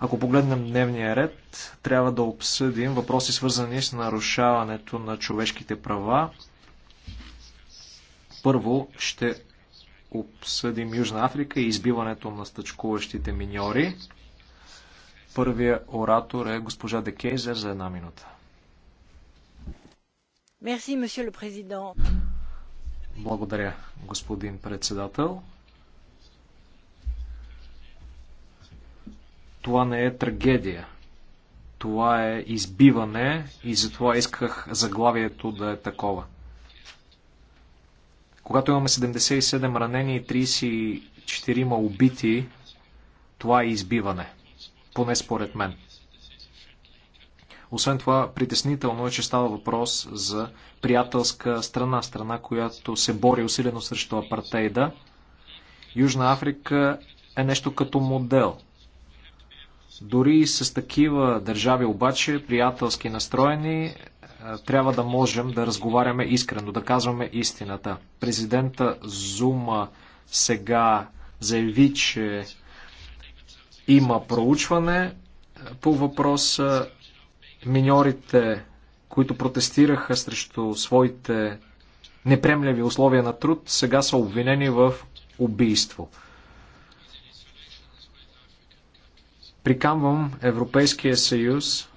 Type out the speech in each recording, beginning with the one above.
Ако погледнем дневния ред, трябва да обсъдим въпроси свързани с нарушаването на човешките права. Първо ще обсъдим Южна Африка и избиването на стъчкуващите миньори. Първия оратор е госпожа Декейзер за една минута. Благодаря, господин председател. Това не е трагедия. Това е избиване и затова исках заглавието да е такова. Когато имаме 77 ранени и 34 убити, това е избиване. Поне според мен. Освен това, притеснително е, че става въпрос за приятелска страна, страна, която се бори усилено срещу апартейда. Южна Африка е нещо като модел дори с такива държави обаче, приятелски настроени, е, трябва да можем да разговаряме искрено, да казваме истината. Президента Зума сега заяви, че има проучване е, по въпроса. Миньорите, които протестираха срещу своите непремляви условия на труд, сега са обвинени в убийство. Прикамвам Европейския съюз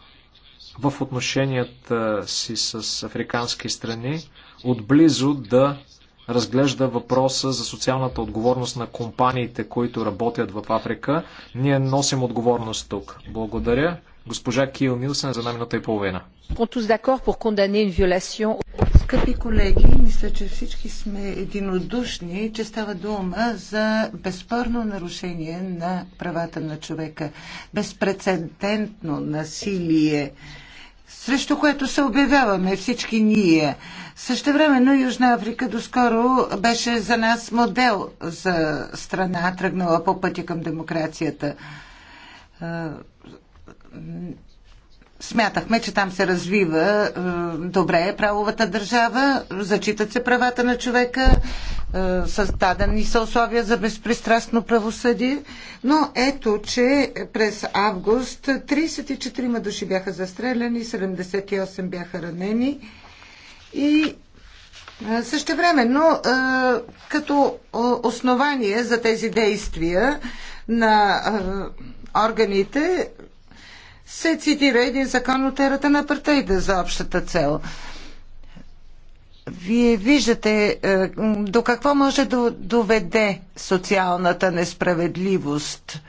в отношенията си с африкански страни отблизо да разглежда въпроса за социалната отговорност на компаниите, които работят в Африка. Ние носим отговорност тук. Благодаря. Госпожа Кил Нилсен за една минута и половина. Скъпи колеги, мисля, че всички сме единодушни, че става дума за безспорно нарушение на правата на човека. безпредседентно насилие срещу което се обявяваме всички ние. Същевременно Южна Африка доскоро беше за нас модел за страна, тръгнала по пътя към демокрацията смятахме, че там се развива е, добре е правовата държава, зачитат се правата на човека, е, създадени са условия за безпристрастно правосъдие, но ето, че през август 34 души бяха застреляни, 78 бяха ранени и е, също време, но е, като основание за тези действия на органите се цитира един закон от ерата на апартейда за общата цел. Вие виждате е, до какво може да доведе социалната несправедливост.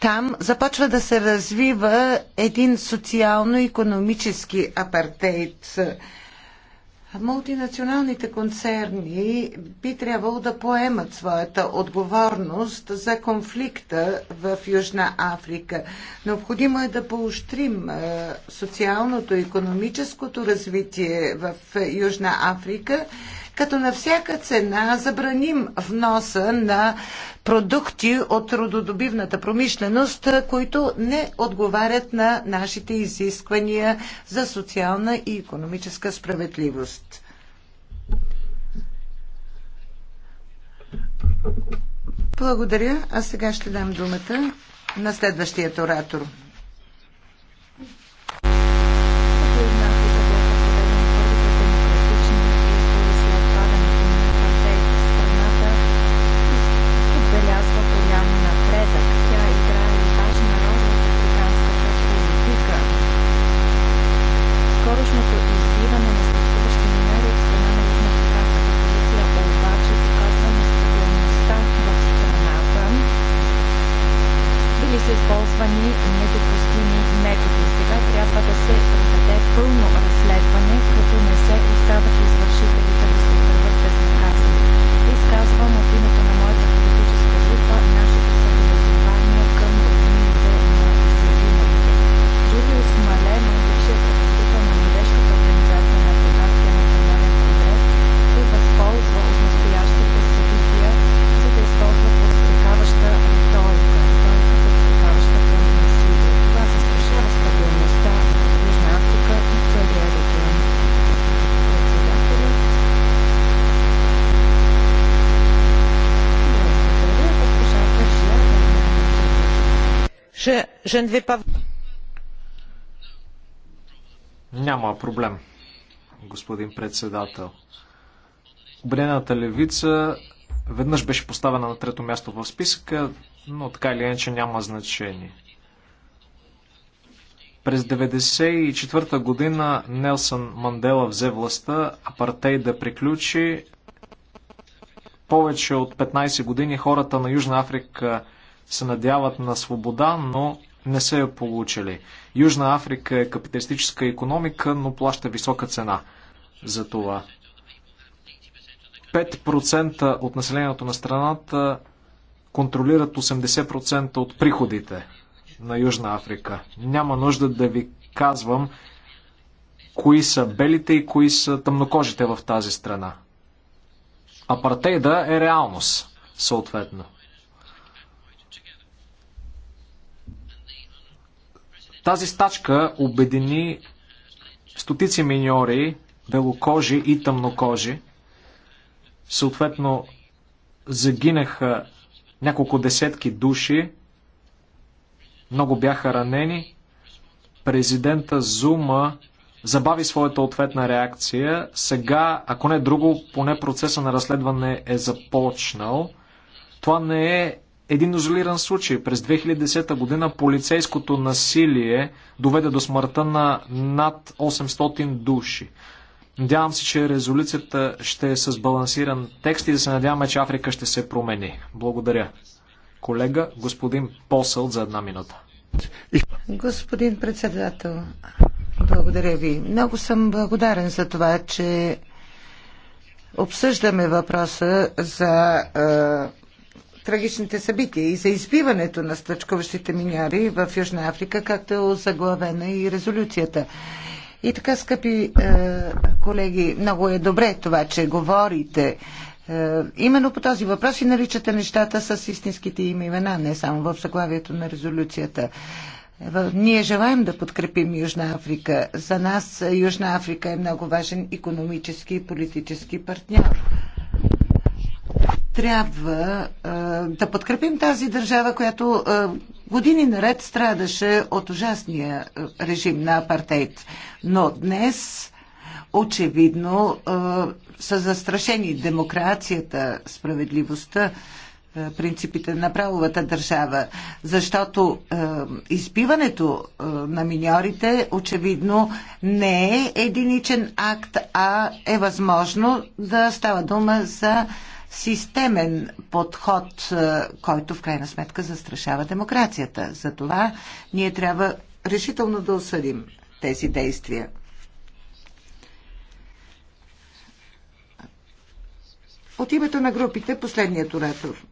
Там започва да се развива един социално-економически апартейд. Мултинационалните концерни би трябвало да поемат своята отговорност за конфликта в Южна Африка. Необходимо е да поощрим е, социалното и економическото развитие в Южна Африка като на всяка цена забраним вноса на продукти от рододобивната промишленост, които не отговарят на нашите изисквания за социална и економическа справедливост. Благодаря. А сега ще дам думата на следващият оратор. Няма проблем, господин председател. Обединената левица веднъж беше поставена на трето място в списъка, но така или иначе няма значение. През 1994 година Нелсън Мандела взе властта, да приключи. Повече от 15 години хората на Южна Африка се надяват на свобода, но не са я получили. Южна Африка е капиталистическа економика, но плаща висока цена за това. 5% от населението на страната контролират 80% от приходите на Южна Африка. Няма нужда да ви казвам кои са белите и кои са тъмнокожите в тази страна. Апартейда е реалност, съответно. Тази стачка обедини стотици миньори, белокожи и тъмнокожи. Съответно, загинаха няколко десетки души, много бяха ранени. Президента Зума забави своята ответна реакция. Сега, ако не друго, поне процеса на разследване е започнал. Това не е един изолиран случай. През 2010 година полицейското насилие доведе до смъртта на над 800 души. Надявам се, че резолюцията ще е с балансиран текст и да се надяваме, че Африка ще се промени. Благодаря. Колега, господин Посъл за една минута. Господин председател, благодаря ви. Много съм благодарен за това, че обсъждаме въпроса за е, трагичните събития и за избиването на стъчкуващите миньори в Южна Африка, както е заглавена и резолюцията. И така, скъпи е, колеги, много е добре това, че говорите е, именно по този въпрос и наричате нещата с истинските им имена, не само в заглавието на резолюцията. Е, ние желаем да подкрепим Южна Африка. За нас Южна Африка е много важен економически и политически партньор трябва а, да подкрепим тази държава, която а, години наред страдаше от ужасния режим на апартейт. Но днес очевидно а, са застрашени демокрацията, справедливостта, а, принципите на правовата държава, защото а, избиването а, на миньорите очевидно не е единичен акт, а е възможно да става дума за системен подход, е, който в крайна сметка застрашава демокрацията. Затова ние трябва решително да осъдим тези действия. От името на групите последният оратор.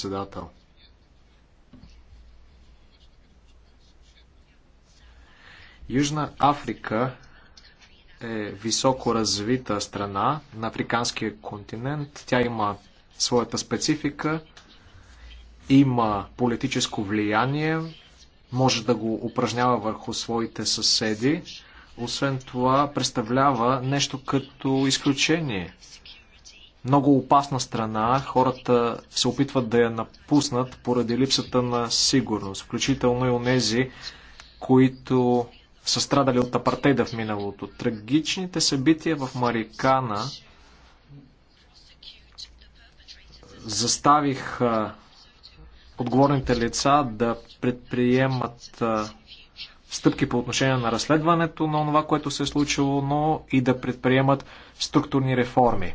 председател. Южна Африка е високо развита страна на африканския континент. Тя има своята специфика, има политическо влияние, може да го упражнява върху своите съседи. Освен това, представлява нещо като изключение много опасна страна. Хората се опитват да я напуснат поради липсата на сигурност, включително и онези, които са страдали от апартейда в миналото. Трагичните събития в Марикана заставих отговорните лица да предприемат стъпки по отношение на разследването на това, което се е случило, но и да предприемат структурни реформи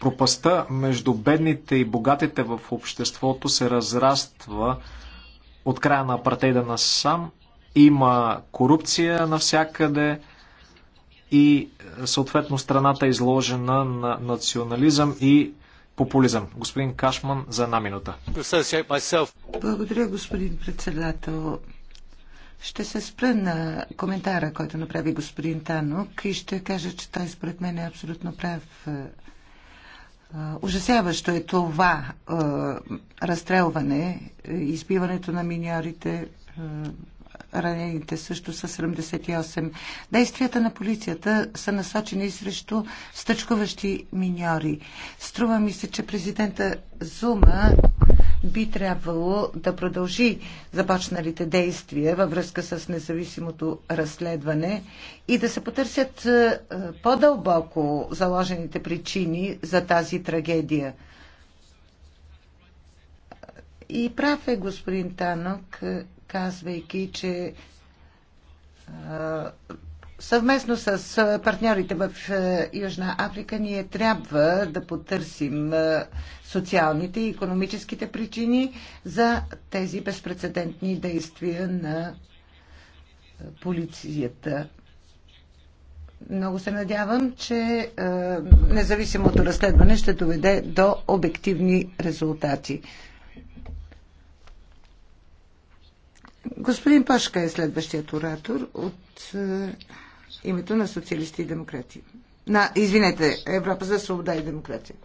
пропаста между бедните и богатите в обществото се разраства от края на апартейда на сам. Има корупция навсякъде и съответно страната е изложена на национализъм и популизъм. Господин Кашман за една минута. Благодаря, господин председател. Ще се спра на коментара, който направи господин Танок и ще кажа, че той според мен е абсолютно прав. Ужасяващо е това разстрелване, избиването на миньорите, ранените също са 78. Действията на полицията са насочени срещу стъчкуващи миньори. Струва ми се, че президента Зума би трябвало да продължи започналите действия във връзка с независимото разследване и да се потърсят е, по-дълбоко заложените причини за тази трагедия. И прав е господин Танок, казвайки, че е, Съвместно с партньорите в Южна Африка ние трябва да потърсим социалните и економическите причини за тези безпредседентни действия на полицията. Много се надявам, че независимото разследване ще доведе до обективни резултати. Господин Пашка е следващият оратор от името на социалисти и демократи. На, извинете, Европа за свобода и демокрация.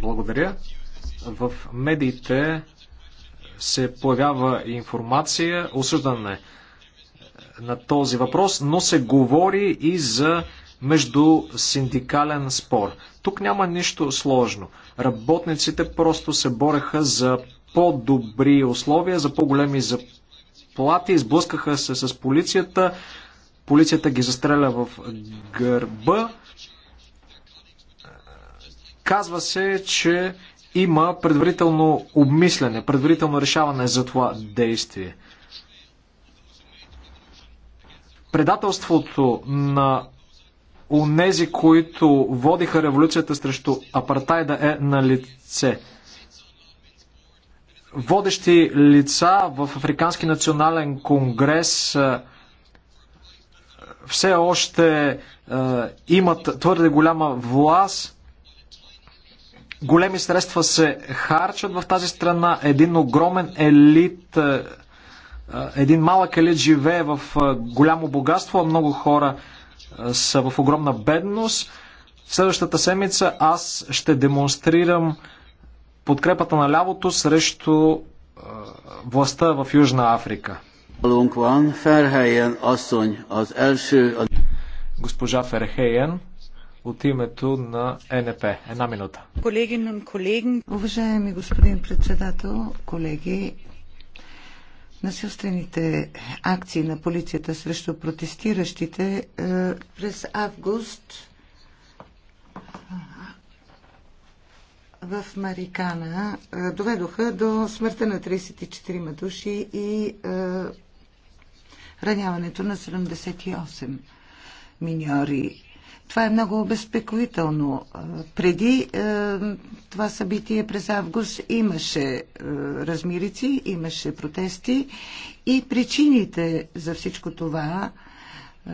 Благодаря. В медиите се появява информация, осъждане на този въпрос, но се говори и за между синдикален спор. Тук няма нищо сложно. Работниците просто се бореха за по-добри условия, за по-големи заплати, изблъскаха се с полицията, полицията ги застреля в гърба, Казва се, че има предварително обмислене, предварително решаване за това действие. Предателството на онези, които водиха революцията срещу апартайда е на лице. Водещи лица в Африкански национален конгрес е, все още е, имат твърде голяма власт големи средства се харчат в тази страна, един огромен елит, е, е, един малък елит живее в е, голямо богатство, а много хора са в огромна бедност. Следващата седмица аз ще демонстрирам подкрепата на лявото срещу властта в Южна Африка. Госпожа Ферхейен от името на НП. Една минута. Колеги, колеги. Уважаеми господин председател, колеги, насилствените акции на полицията срещу протестиращите е, през август в Марикана е, доведоха до смъртта на 34 души и е, раняването на 78 миньори. Това е много обезпекоително. Преди е, това събитие през август имаше е, размирици, имаше протести и причините за всичко това е,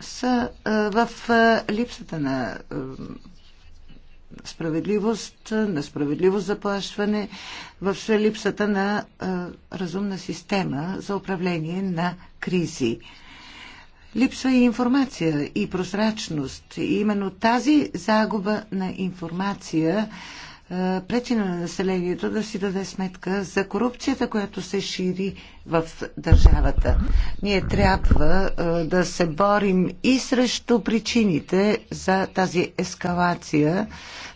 са е, в е, липсата на е, справедливост, на справедливо заплащане, в липсата на е, разумна система за управление на кризи. Липсва и информация, и прозрачност. И именно тази загуба на информация е, пречи на населението да си даде сметка за корупцията, която се шири в държавата. Ние трябва е, да се борим и срещу причините за тази ескалация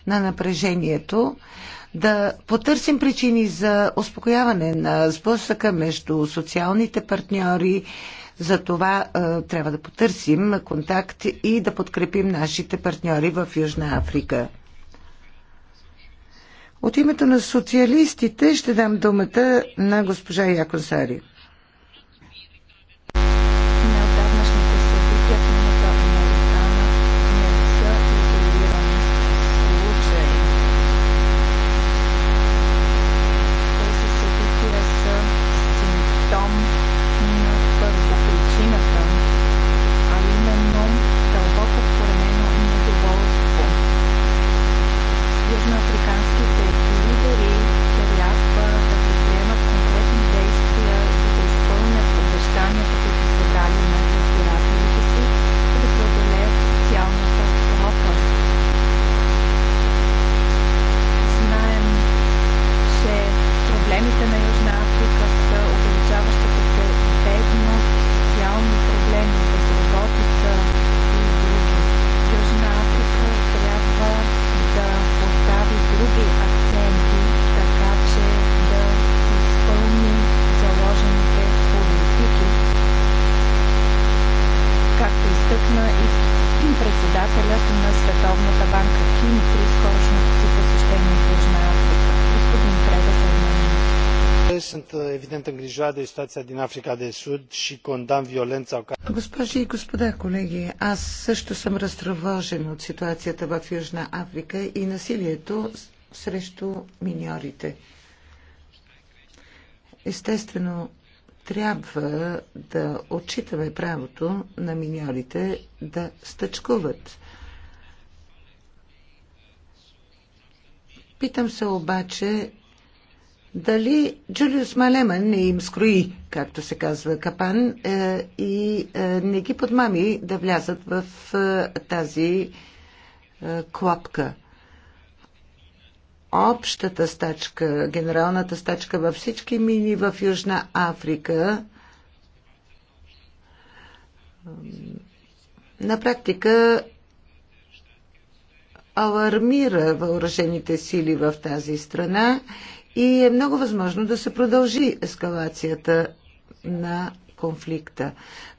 на напрежението, да потърсим причини за успокояване на сблъсъка между социалните партньори, за това е, трябва да потърсим контакт и да подкрепим нашите партньори в Южна Африка. От името на социалистите ще дам думата на госпожа Сари. îngrijorat de situația din Африка de Sud și condamn violența. Госпожи и господа, колеги, аз също съм разтревожен от ситуацията в Южна Африка и насилието срещу миньорите. Естествено, трябва да отчитаме правото на миньорите да стъчкуват. Питам се обаче дали Джулиус Малеман не им скрои, както се казва, капан е, и е, не ги подмами да влязат в е, тази клапка. Общата стачка, генералната стачка във всички мини в Южна Африка на практика алармира въоръжените сили в тази страна и е много възможно да се продължи ескалацията на конфликта.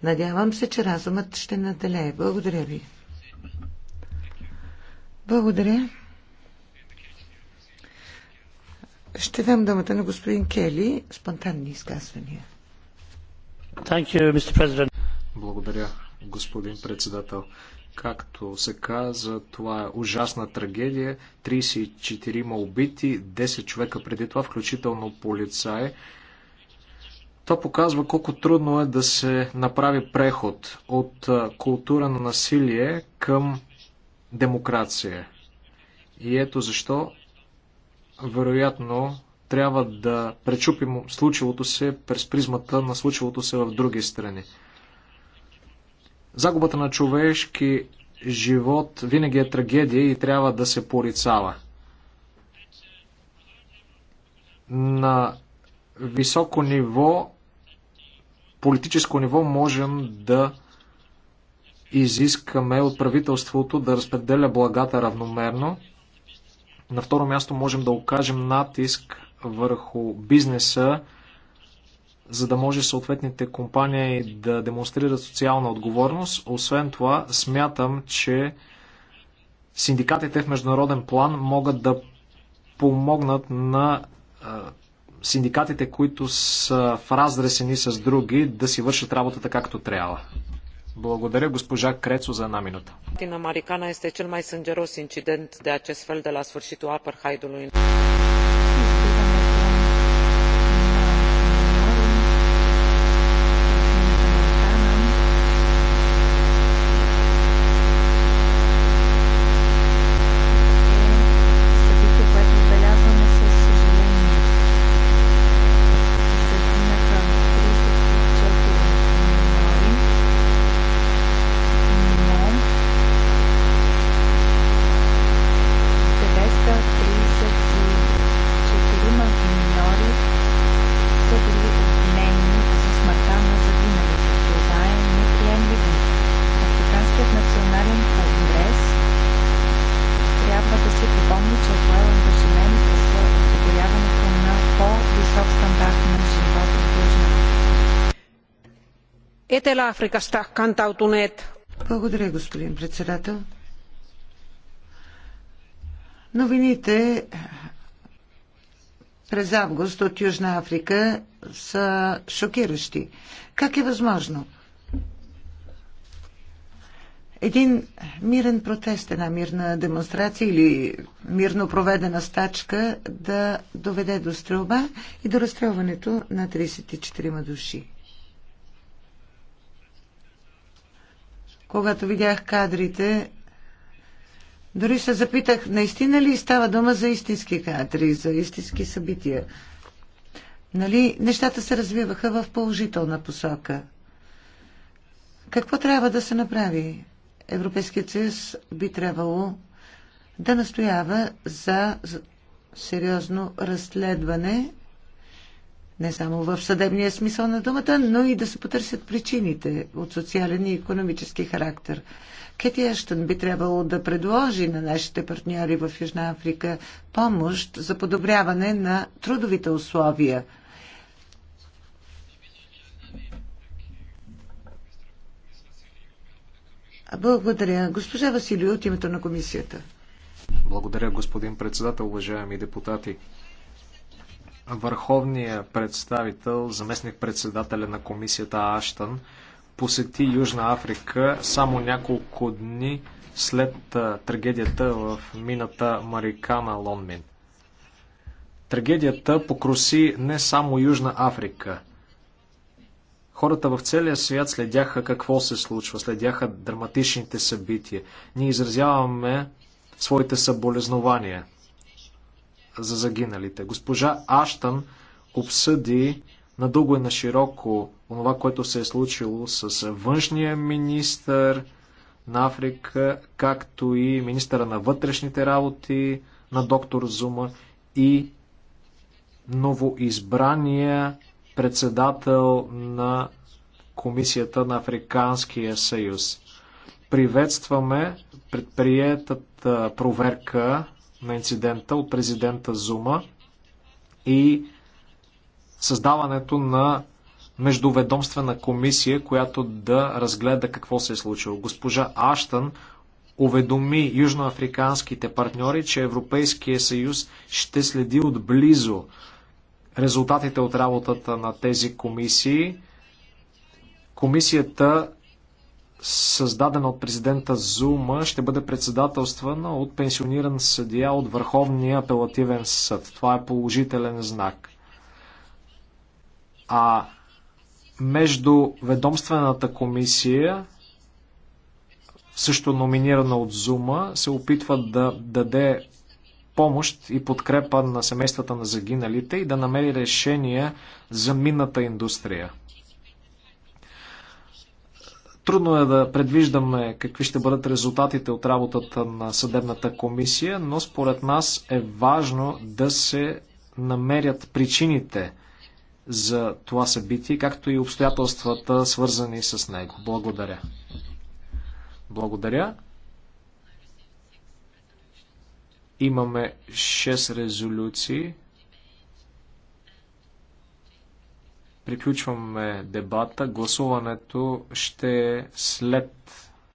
Надявам се, че разумът ще наделее. Благодаря ви. Благодаря. Ще дам думата на господин Кели. Спонтанни изказвания. Thank you, Mr. President. Благодаря, господин председател. Както се каза, това е ужасна трагедия. 34 убити, 10 човека преди това, включително полицаи. Това показва колко трудно е да се направи преход от култура на насилие към демокрация. И ето защо, вероятно, трябва да пречупим случилото се през призмата на случилото се в други страни. Загубата на човешки живот винаги е трагедия и трябва да се порицава. На високо ниво, политическо ниво, можем да изискаме от правителството да разпределя благата равномерно. На второ място можем да окажем натиск върху бизнеса за да може съответните компании да демонстрират социална отговорност. Освен това, смятам, че синдикатите в международен план могат да помогнат на синдикатите, които са в разресени с други, да си вършат работата както трябва. Благодаря госпожа Крецо за една минута. Din Americana este cel mai sângeros incident de acest fel de la sfârșitul apartheidului. etelä afrikasta kantautuneet Благодаря, господин председател. Новините през август от Южна Африка са шокиращи. Как е възможно? Един мирен протест, една мирна демонстрация или мирно проведена стачка да доведе до стрелба и до разстрелването на 34 души. когато видях кадрите, дори се запитах, наистина ли става дума за истински кадри, за истински събития? Нали, нещата се развиваха в положителна посока. Какво трябва да се направи? Европейският съюз би трябвало да настоява за сериозно разследване не само в съдебния смисъл на думата, но и да се потърсят причините от социален и економически характер. Кети Ештън би трябвало да предложи на нашите партньори в Южна Африка помощ за подобряване на трудовите условия. Благодаря. Госпожа Василио от името на комисията. Благодаря, господин председател, уважаеми депутати върховния представител, заместник председателя на комисията Аштън, посети Южна Африка само няколко дни след трагедията в мината Марикана Лонмин. Трагедията покруси не само Южна Африка. Хората в целия свят следяха какво се случва, следяха драматичните събития. Ние изразяваме своите съболезнования – за загиналите. Госпожа Аштън обсъди надълго и на широко това, което се е случило с външния министр на Африка, както и министъра на вътрешните работи на доктор Зума и новоизбрания председател на Комисията на Африканския съюз. Приветстваме предприетата проверка на инцидента от президента Зума и създаването на междуведомствена комисия, която да разгледа какво се е случило. Госпожа Аштън уведоми южноафриканските партньори, че Европейския съюз ще следи отблизо резултатите от работата на тези комисии. Комисията създадена от президента Зума, ще бъде председателствана от пенсиониран съдия от Върховния апелативен съд. Това е положителен знак. А между ведомствената комисия, също номинирана от Зума, се опитва да даде помощ и подкрепа на семействата на загиналите и да намери решения за минната индустрия Трудно е да предвиждаме какви ще бъдат резултатите от работата на съдебната комисия, но според нас е важно да се намерят причините за това събитие, както и обстоятелствата, свързани с него. Благодаря. Благодаря. Имаме 6 резолюции. Приключваме дебата. Гласуването ще е след